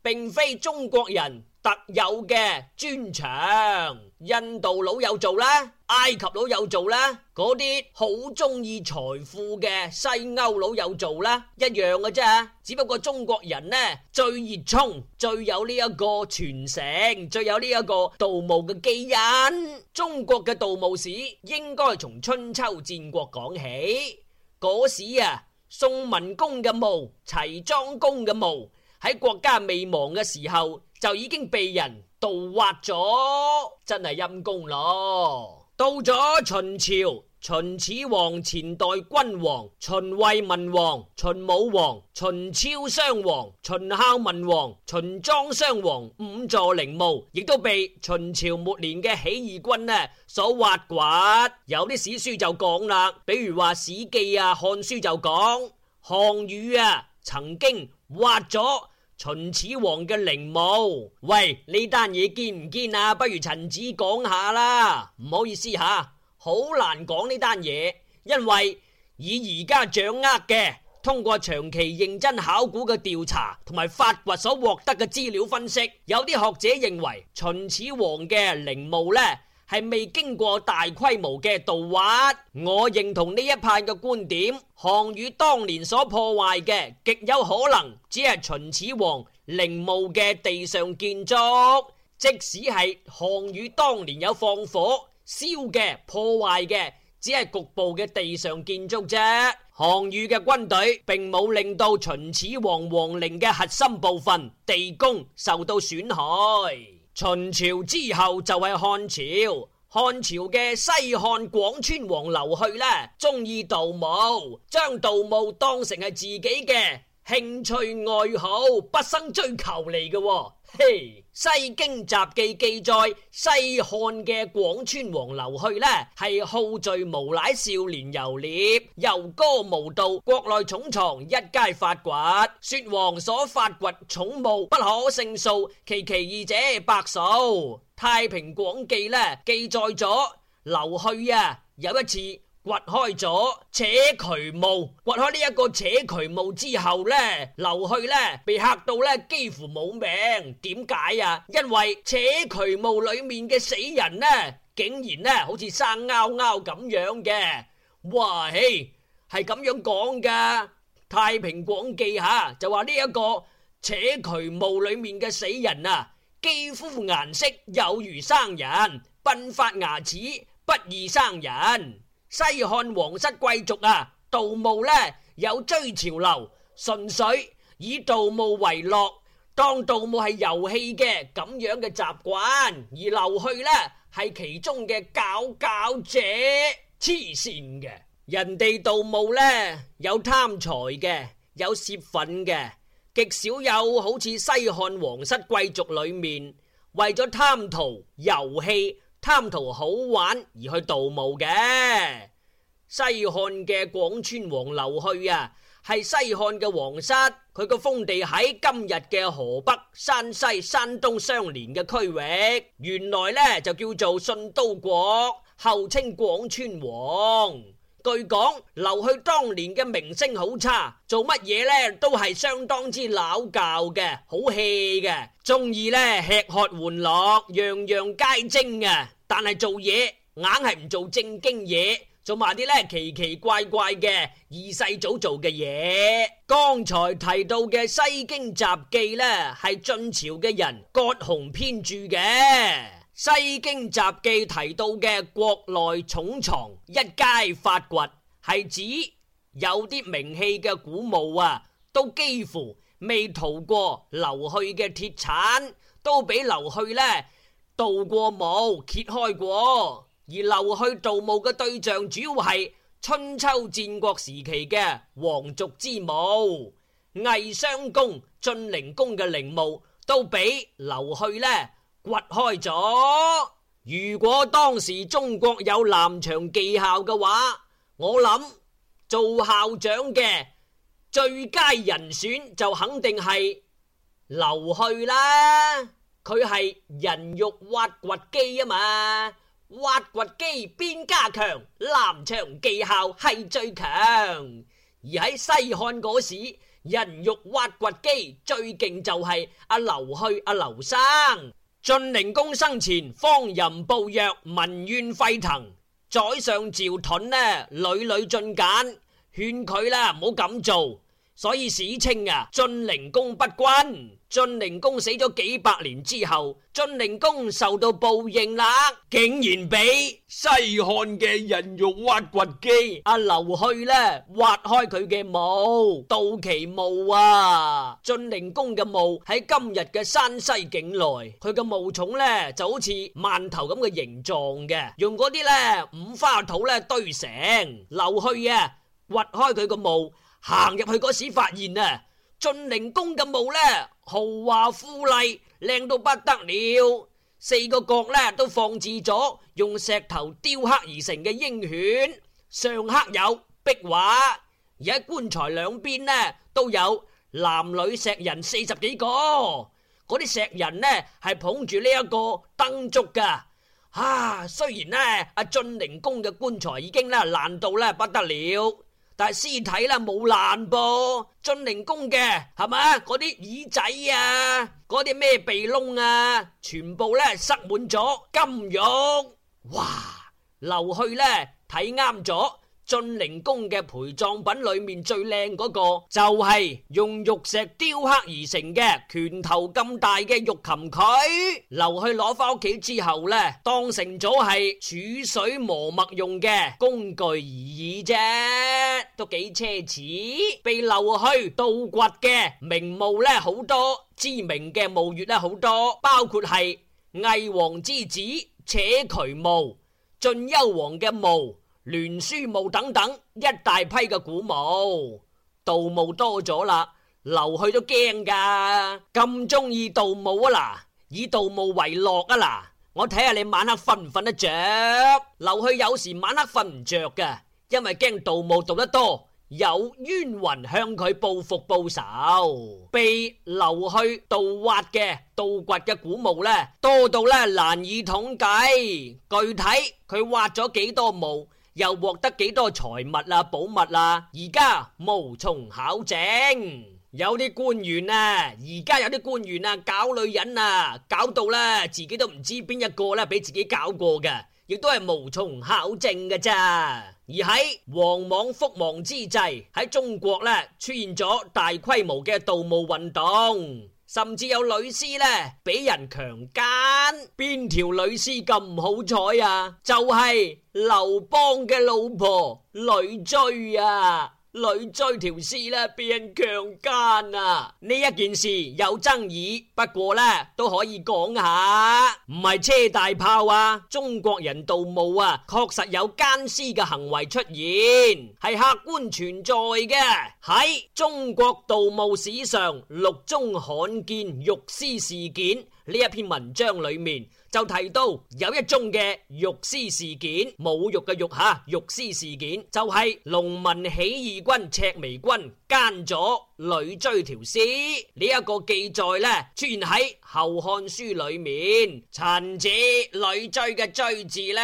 並非中國人特有嘅專長。印度佬有做啦，埃及佬有做啦，嗰啲好中意財富嘅西歐佬有做啦，一樣嘅啫。只不過中國人呢最熱衷，最有呢一個傳承，最有呢一個盜墓嘅基因。中國嘅盜墓史應該從春秋戰國講起，嗰時啊，宋文公嘅墓、齊莊公嘅墓喺國家未亡嘅時候，就已經被人盜挖咗，真係陰功咯。到咗秦朝，秦始皇前代君王秦惠文王、秦武王、秦昭襄王、秦孝文王、秦莊襄王五座陵墓，亦都被秦朝末年嘅起義軍呢所挖掘。有啲史書就講啦，比如話《史記》啊，《漢書》就講項羽啊，曾經挖咗。秦始皇嘅陵墓，喂，呢單嘢堅唔堅啊？不如陳子講下啦。唔好意思吓，好難講呢單嘢，因為以而家掌握嘅，通過長期認真考古嘅調查同埋發掘所獲得嘅資料分析，有啲學者認為秦始皇嘅陵墓呢，係未經過大規模嘅盜挖，我認同呢一派嘅觀點。項羽當年所破壞嘅極有可能只係秦始皇陵墓嘅地上建築，即使係項羽當年有放火燒嘅破壞嘅，只係局部嘅地上建築啫。項羽嘅軍隊並冇令到秦始皇皇陵嘅核心部分地宮受到損害。秦朝之後就係漢朝，漢朝嘅西漢廣川王劉去呢，中意盜墓，將盜墓當成係自己嘅興趣愛好、畢生追求嚟嘅、哦，嘿。《西京雜記》記載西漢嘅廣川王劉去呢，係好聚無賴，少年游獵，游歌無度，國內冢藏，一皆發掘。說王所發掘冢墓不可勝數，其奇異者百數。《太平廣記》呢，記載咗劉去啊，有一次。掘開咗扯渠墓，掘開呢一個扯渠墓之後呢，流去呢，被嚇到呢幾乎冇命。點解啊？因為扯渠墓裏面嘅死人呢，竟然呢好似生勾勾咁樣嘅。哇！嘿，係咁樣講噶，《太平廣記》吓就話呢一個扯渠墓裏面嘅死人啊，肌膚顏色有如生人，鬢髮牙齒不異生人。西漢皇室貴族啊，盜墓呢，有追潮流、純粹以盜墓為樂，當盜墓係遊戲嘅咁樣嘅習慣而流去呢，係其中嘅佼佼者，黐線嘅人哋盜墓呢，有貪財嘅，有泄憤嘅，極少有好似西漢皇室貴族裏面為咗貪圖遊戲。貪圖好玩而去盜墓嘅西漢嘅廣川王劉去啊，係西漢嘅皇室，佢個封地喺今日嘅河北、山西、山東相連嘅區域，原來呢就叫做信都國，後稱廣川王。據講，劉去當年嘅名聲好差，做乜嘢呢都係相當之拗教嘅，好氣嘅，中意呢吃喝玩樂，樣樣皆精嘅，但係做嘢硬係唔做正經嘢，做埋啲呢奇奇怪怪嘅二世祖做嘅嘢。剛才提到嘅《西京雜記》呢，係晉朝嘅人葛洪編著嘅。《西京雜記》提到嘅國內重藏一皆發掘，係指有啲名氣嘅古墓啊，都幾乎未逃過劉去嘅鐵鏟，都俾劉去呢，盜過墓、揭開過，而劉去盜墓嘅對象主要係春秋戰國時期嘅皇族之墓，魏襄公、晉靈公嘅陵墓都俾劉去呢。掘開咗。如果當時中國有藍翔技校嘅話，我諗做校長嘅最佳人選就肯定係劉去啦。佢係人肉挖掘機啊嘛，挖掘機邊家強？藍翔技校係最強。而喺西漢嗰時，人肉挖掘機最勁就係阿、啊、劉去、阿、啊、劉生。晉靈公生前荒淫暴虐，民怨沸騰。宰相趙盾呢屢屢進諫，勸佢啦唔好咁做，所以史稱啊晉靈公不君。晉靈公死咗幾百年之後，晉靈公受到報應啦，竟然俾西漢嘅人肉挖掘機阿劉去咧挖開佢嘅墓，盜其墓啊！晉靈公嘅墓喺今日嘅山西境內，佢嘅墓重咧就好似饅頭咁嘅形狀嘅，用嗰啲咧五花土咧堆成。劉去啊，挖開佢個墓，行入去嗰時發現啊，晉靈公嘅墓咧。豪華富麗，靚到不得了。四個角呢都放置咗用石頭雕刻而成嘅鷹犬，上刻有壁畫，而喺棺材兩邊呢都有男女石人四十幾個。嗰啲石人呢係捧住呢一個燈燭噶。啊，雖然呢、啊，阿晉靈公嘅棺材已經咧爛到咧不得了。但係屍體咧冇爛噃，晉靈公嘅係嘛？嗰啲耳仔啊，嗰啲咩鼻窿啊，全部咧塞滿咗金玉。哇！劉去咧睇啱咗。晉靈公嘅陪葬品裏面最靚嗰個就係用玉石雕刻而成嘅拳頭咁大嘅玉琴。佢劉去攞翻屋企之後呢，當成咗係儲水磨墨用嘅工具而已啫，都幾奢侈。被劉去盜掘嘅名墓呢，好多，知名嘅墓穴呢，好多，包括係魏王之子且渠墓、晉幽王嘅墓。欒書墓等等一大批嘅古墓，盜墓多咗啦，劉去都驚噶，咁中意盜墓啊！嗱，以盜墓為樂啊！嗱，我睇下你晚黑瞓唔瞓得着？劉去有時晚黑瞓唔着嘅，因為驚盜墓盜得多，有冤魂向佢報復報仇。被劉去盜挖嘅、盜掘嘅古墓呢，多到呢難以統計，具體佢挖咗幾多墓？又獲得幾多財物啊、寶物啊，而家無從考證。有啲官員啊，而家有啲官員啊，搞女人啊，搞到啦，自己都唔知邊一個咧俾自己搞過嘅，亦都係無從考證嘅咋。而喺王莽覆亡之際，喺中國咧出現咗大規模嘅盜墓運動。甚至有女屍呢，俾人強姦，邊條女屍咁唔好彩啊？就係、是、劉邦嘅老婆呂雉啊！女追條屍咧，俾人強奸啊！呢一件事有爭議，不過咧都可以講下，唔係車大炮啊，中國人盜墓啊，確實有奸屍嘅行為出現，係客觀存在嘅。喺《中國盜墓史上六宗罕見辱屍事件》呢一篇文章裏面。就提到有一宗嘅辱屍事件，侮辱嘅辱吓，辱屍事件就係、是、農民起義軍赤眉軍奸咗女追條屍呢一個記載呢，出現喺《後漢書》裏面，陳字女追嘅追字呢。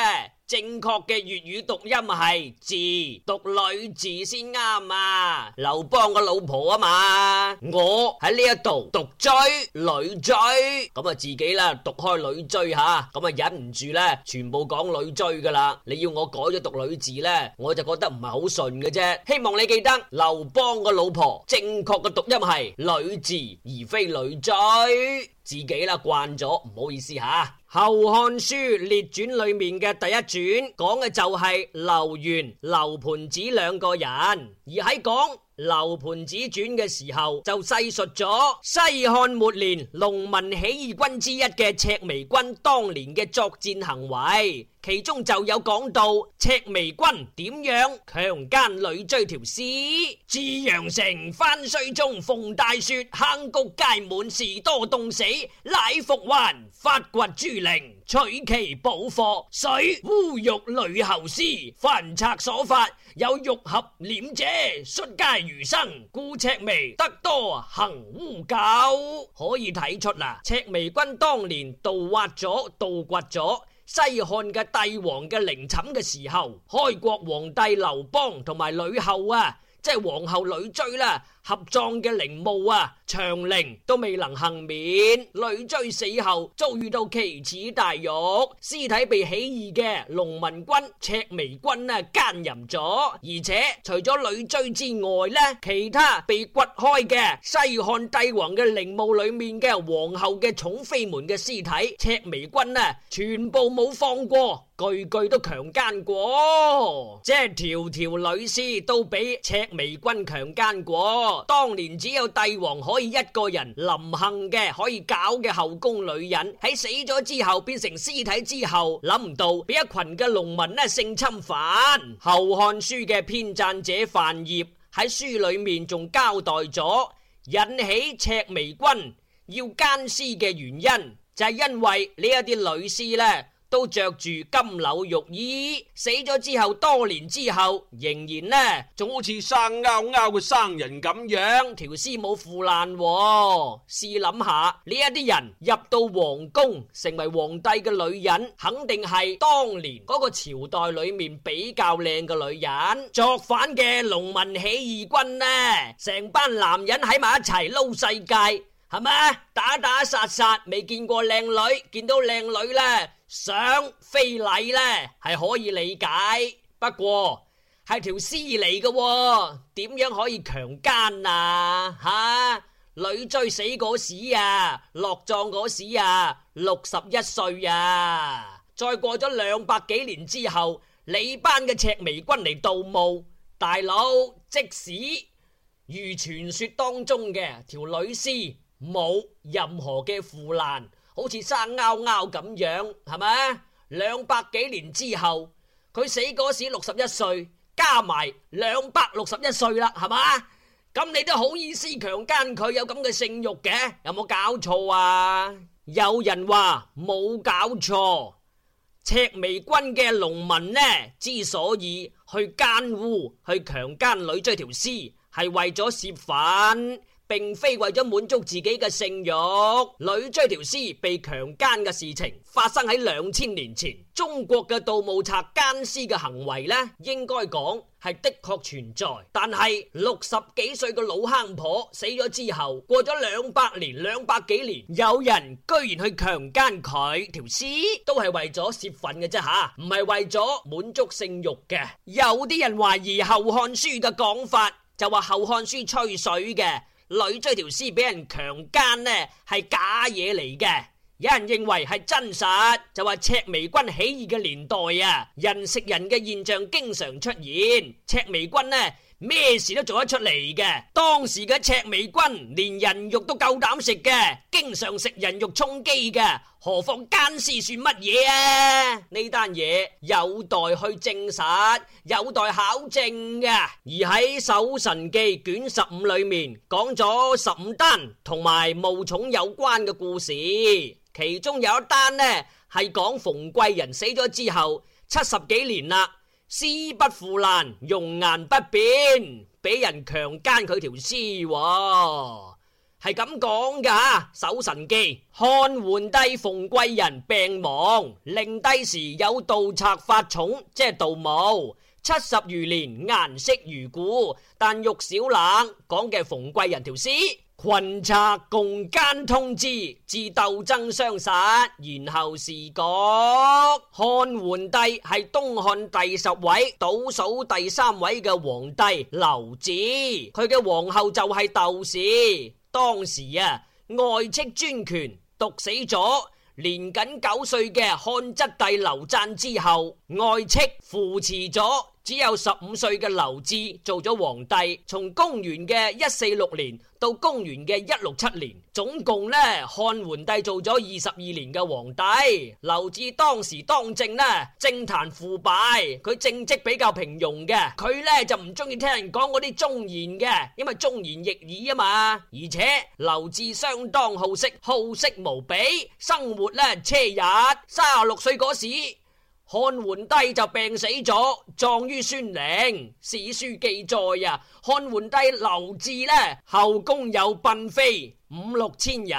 正確嘅粵語讀音係字，讀女字先啱啊！劉邦個老婆啊嘛，我喺呢一度讀追女追，咁啊自己啦讀開女追吓，咁啊忍唔住咧，全部講女追噶啦！你要我改咗讀女字咧，我就覺得唔係好順嘅啫。希望你記得劉邦個老婆正確嘅讀音係女字，而非女追。自己啦慣咗，唔好意思吓、啊。《後漢書列傳》裏面嘅第一傳講嘅就係劉元、劉盆子兩個人，而喺講劉盆子傳嘅時候，就細述咗西漢末年農民起義軍之一嘅赤眉軍當年嘅作戰行為。其中就有講到赤眉軍點樣強姦女追條屍，至陽城番衰中，逢大雪，坑谷皆滿，士多凍死，乃復還發掘諸陵，取其寶貨，水污辱女后屍，凡賊所發有玉合殮者，率皆如生。故赤眉得多行污垢，可以睇出啦。赤眉軍當年盜挖咗，盜掘咗。西漢嘅帝王嘅陵寢嘅時候，開國皇帝劉邦同埋呂后啊，即係皇后呂雉啦。合葬嘅陵墓啊，長陵都未能幸免。呂雉死後遭遇到奇恥大辱，屍體被起義嘅農民軍赤眉軍啊奸淫咗。而且除咗呂雉之外呢，其他被掘開嘅西漢帝王嘅陵墓裏面嘅皇后嘅寵妃們嘅屍體，赤眉軍呢，全部冇放過，句句都強姦過，即係條條女屍都俾赤眉軍強姦過。當年只有帝王可以一個人臨幸嘅，可以搞嘅後宮女人，喺死咗之後變成屍體之後，諗唔到俾一群嘅農民咧性侵犯。後漢書嘅編撰者范晔喺書裏面仲交代咗引起赤眉軍要奸屍嘅原因，就係、是、因為呢一啲女屍呢。都着住金縷玉衣，死咗之後多年之後，仍然呢仲好似生勾勾嘅生人咁樣，條屍冇腐爛，哦。試諗下呢一啲人入到皇宮，成為皇帝嘅女人，肯定係當年嗰個朝代裏面比較靚嘅女人。作反嘅農民起義軍呢，成班男人喺埋一齊撈世界。係咪打打殺殺未見過靚女？見到靚女呢，想非禮呢，係可以理解。不過係條屍嚟噶點樣可以強姦啊？吓女追死嗰時啊，落葬嗰時啊，六十一歲啊，再過咗兩百幾年之後，你班嘅赤眉軍嚟盜墓大佬，即使如傳說當中嘅條女屍。冇任何嘅腐爛，好似生勾勾咁樣，係咪？兩百幾年之後，佢死嗰時六十一歲，加埋兩百六十一歲啦，係嘛？咁你都好意思強奸佢有咁嘅性欲嘅，有冇搞錯啊？有人話冇搞錯，赤眉軍嘅農民呢，之所以去奸污、去強奸女追條屍，係為咗泄憤。並非為咗滿足自己嘅性欲，女追條屍被強奸嘅事情發生喺兩千年前。中國嘅盜墓賊奸屍嘅行為呢，應該講係的確存在。但係六十幾歲嘅老坑婆死咗之後，過咗兩百年、兩百幾年，有人居然去強奸佢條屍，都係為咗泄憤嘅啫。吓，唔係為咗滿足性欲嘅。有啲人懷疑《後漢書》嘅講法，就話《後漢書》吹水嘅。女追條屍俾人強姦呢，係假嘢嚟嘅。有人認為係真實，就話赤眉軍起義嘅年代啊，人食人嘅現象經常出現。赤眉軍呢。咩事都做得出嚟嘅，當時嘅赤眉軍連人肉都夠膽食嘅，經常食人肉充飢嘅，何況奸屍算乜嘢啊？呢單嘢有待去證實，有待考證嘅。而喺《搜神記》卷十五裏面講咗十五單同埋墓寵有關嘅故事，其中有一單呢係講馮貴人死咗之後七十幾年啦。屍不腐爛，容顏不變，俾人強姦佢條屍，係咁講噶。《搜神記》看低，漢桓帝馮貴人病亡，靈帝時有盜賊發冢，即係盜墓，七十餘年顏色如故，但肉小冷，講嘅馮貴人條屍。群策共姦，通知至鬥爭相殺，然後覺是講。漢桓帝係東漢第十位倒數第三位嘅皇帝劉志，佢嘅皇后就係竇氏。當時啊，外戚專權，毒死咗年僅九歲嘅漢質帝劉纘之後，外戚扶持咗。只有十五歲嘅劉志做咗皇帝，從公元嘅一四六年到公元嘅一六七年，總共呢漢桓帝做咗二十二年嘅皇帝。劉志當時當政呢政壇腐敗，佢政績比較平庸嘅，佢呢就唔中意聽人講嗰啲忠言嘅，因為忠言逆耳啊嘛。而且劉志相當好色，好色無比，生活呢，奢逸，三十六歲嗰時。漢桓帝就病死咗，葬於宣陵。史書記載啊，漢桓帝劉志呢，後宮有嬪妃五六千人，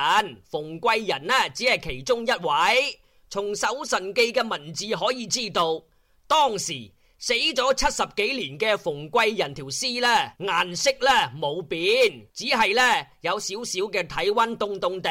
馮貴人呢、啊、只係其中一位。從《搜神記》嘅文字可以知道，當時，死咗七十幾年嘅馮貴人條屍咧，顏色咧冇變，只係咧有少少嘅體溫凍凍地。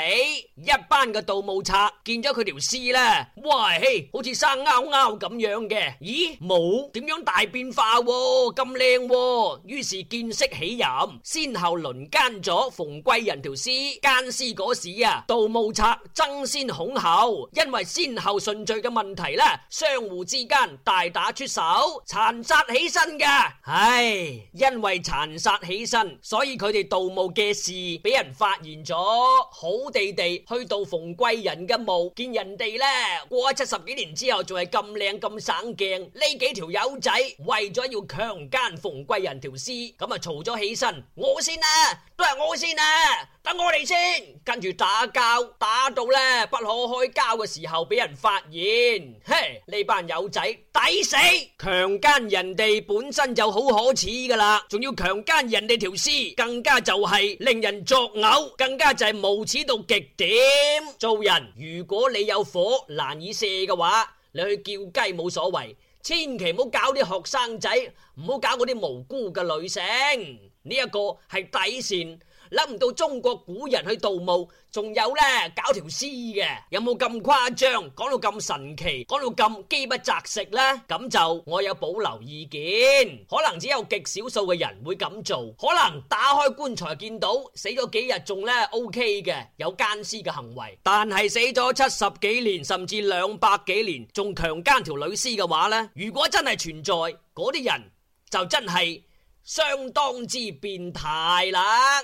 一班嘅盜墓賊見咗佢條屍咧，哇，嘿，好似生勾勾咁樣嘅，咦，冇點樣大變化喎，啊，咁靚喎。於是見色起淫，先後輪姦咗馮貴人條屍。姦屍嗰時啊，盜墓賊爭先恐後，因為先後順序嘅問題咧，相互之間大打出手。殘殺起身㗎，唉，因為殘殺起身，所以佢哋盜墓嘅事俾人發現咗，好地地去到馮貴人嘅墓，見人哋呢，過咗七十幾年之後仲係咁靚咁省鏡，呢幾條友仔為咗要強姦馮貴人條屍，咁啊嘈咗起身，我先啦、啊。都係我先啊！等我哋先，跟住打交打到呢不可開交嘅時候，俾人發現，嘿！呢班友仔抵死，強姦人哋本身就好可恥㗎喇，仲要強姦人哋條屍，更加就係令人作嘔，更加就係無恥到極點。做人如果你有火難以射嘅話，你去叫雞冇所謂，千祈唔好搞啲學生仔，唔好搞嗰啲無辜嘅女性。呢一個係底線，諗唔到中國古人去盜墓，仲有呢搞條屍嘅，有冇咁誇張？講到咁神奇，講到咁饑不擇食呢？咁就我有保留意見，可能只有極少數嘅人會咁做，可能打開棺材見到死咗幾日仲呢 OK 嘅，有奸屍嘅行為，但係死咗七十幾年甚至兩百幾年仲強奸條女屍嘅話呢，如果真係存在，嗰啲人就真係。相當之變態啦！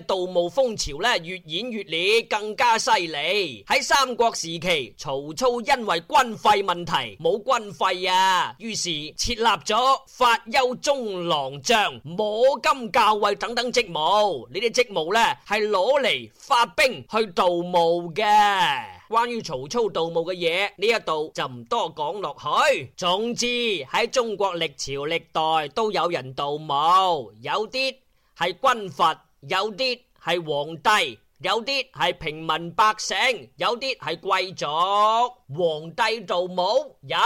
盜墓風潮咧，越演越烈，更加犀利。喺三國時期，曹操因為軍費問題冇軍費啊，於是設立咗發丘中郎將、摸金校尉等等職務。職務呢啲職務咧，係攞嚟發兵去盜墓嘅。關於曹操盜墓嘅嘢，呢一度，就唔多講落去。總之喺中國歷朝歷代都有人盜墓，有啲係軍閥。有啲係皇帝，有啲係平民百姓，有啲係貴族。皇帝盜墓有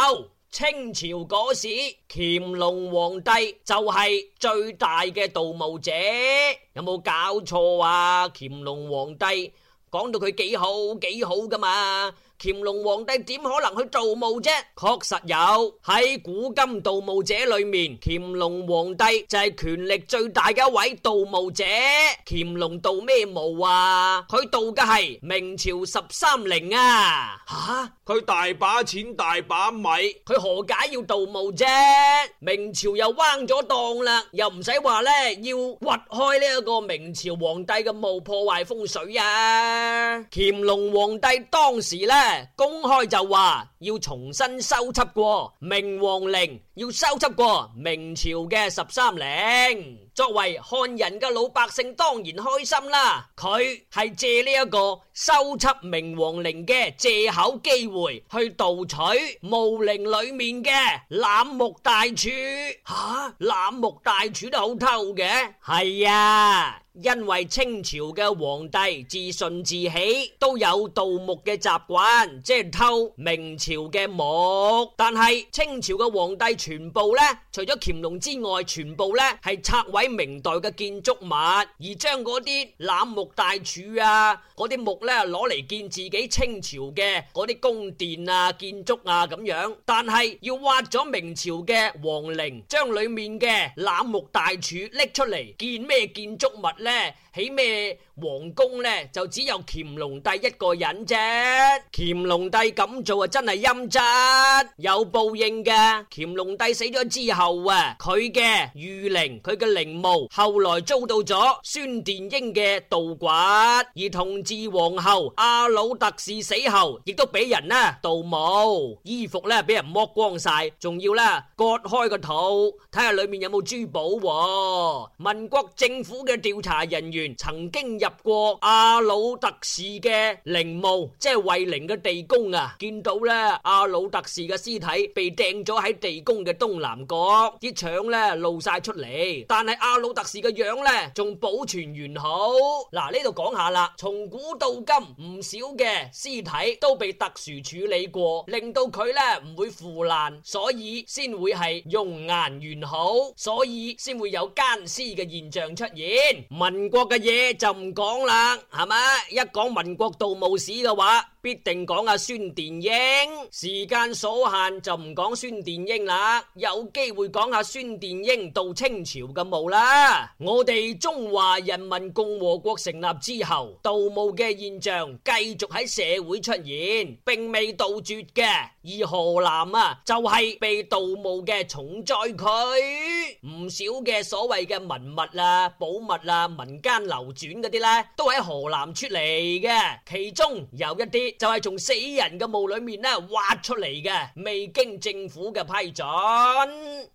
清朝嗰時乾隆皇帝就係最大嘅盜墓者，有冇搞錯啊？乾隆皇帝講到佢幾好幾好㗎嘛？乾隆皇帝點可能去盜墓啫？確實有，喺古今盜墓者裏面，乾隆皇帝就係權力最大嘅一位盜墓者。乾隆盜咩墓啊？佢盜嘅係明朝十三陵啊！吓？啊？佢大把錢大把米，佢何解要盜墓啫？明朝又彎咗檔啦，又唔使話咧，要掘開呢一個明朝皇帝嘅墓破壞風水啊！乾隆皇帝當時咧公開就話。要重新收葺過明王陵，要收葺過明朝嘅十三陵，作為漢人嘅老百姓當然開心啦。佢係借呢一個收葺明王陵嘅借口機會去盜取墓陵裏面嘅楠木大柱。吓、啊，楠木大柱都好偷嘅。係啊。因為清朝嘅皇帝自順治起都有盜墓嘅習慣，即係偷明朝嘅墓。但係清朝嘅皇帝全部呢，除咗乾隆之外，全部呢係拆毀明代嘅建築物，而將嗰啲楠木大柱啊，嗰啲木呢攞嚟建自己清朝嘅嗰啲宮殿啊、建築啊咁樣。但係要挖咗明朝嘅皇陵，將裏面嘅楠木大柱拎出嚟建咩建築物？來。起咩皇宮咧？就只有乾隆帝一個人啫。乾隆帝咁做啊，真係陰質，有報應嘅。乾隆帝死咗之後啊，佢嘅禦陵、佢嘅陵墓，後來遭到咗孫殿英嘅盜掘。而同治皇后阿魯特氏死後，亦都俾人呢盜墓，衣服呢俾人剝光晒，仲要呢割開個肚，睇下裏面有冇珠寶。民國政府嘅調查人員。曾經入過阿魯特氏嘅陵墓，即係惠陵嘅地宮啊！見到咧，阿魯特氏嘅屍體被掟咗喺地宮嘅東南角，啲腸咧露晒出嚟，但係阿魯特氏嘅樣咧仲保存完好。嗱，呢度講下啦，從古到今唔少嘅屍體都被特殊處理過，令到佢咧唔會腐爛，所以先會係容顏完好，所以先會有奸屍嘅現象出現。民國。嘅嘢就唔講啦，係咪？一講民國盜墓史嘅話，必定講下孫殿英。時間所限就唔講孫殿英啦，有機會講下孫殿英盜清朝嘅墓啦。我哋中華人民共和國成立之後，盜墓嘅現象繼續喺社會出現，並未杜絕嘅。而河南啊，就係被盜墓嘅重災區，唔少嘅所謂嘅文物啊、寶物啊、民間。流轉嗰啲咧都喺河南出嚟嘅，其中有一啲就係從死人嘅墓裏面咧挖出嚟嘅，未經政府嘅批准。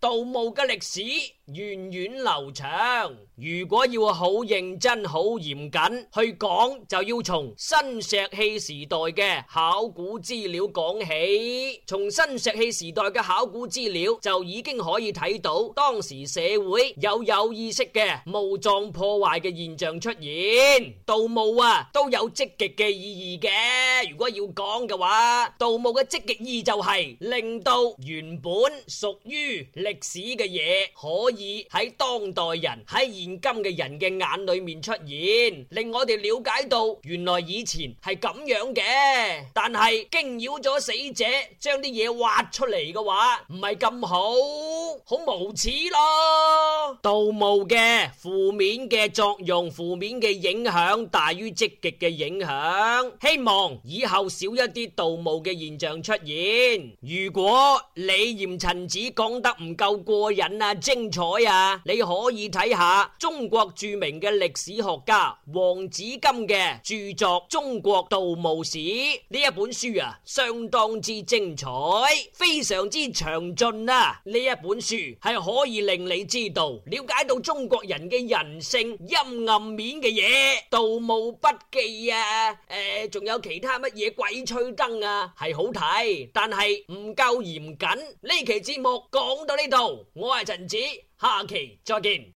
盜墓嘅歷史。源遠流長，如果要好認真、好嚴謹去講，就要從新石器時代嘅考古資料講起。從新石器時代嘅考古資料就已經可以睇到當時社會有有意識嘅墓葬破壞嘅現象出現。盜墓啊都有積極嘅意義嘅。如果要講嘅話，盜墓嘅積極意義就係令到原本屬於歷史嘅嘢可以。以喺當代人喺現今嘅人嘅眼裏面出現，令我哋了解到原來以前係咁樣嘅。但係驚擾咗死者，將啲嘢挖出嚟嘅話，唔係咁好，好無恥咯！盜墓嘅負面嘅作用、負面嘅影響大於積極嘅影響。希望以後少一啲盜墓嘅現象出現。如果你嫌陳子講得唔夠過癮啊，精彩！啊！你可以睇下中國著名嘅歷史學家王子今嘅著作《中國盜墓史》呢一本書啊，相當之精彩，非常之詳盡啦、啊。呢一本書係可以令你知道、了解到中國人嘅人性陰暗面嘅嘢，《盜墓筆記》啊，誒、呃，仲有其他乜嘢《鬼吹燈》啊，係好睇，但係唔夠嚴謹。呢期節目講到呢度，我係陳子。下期再見。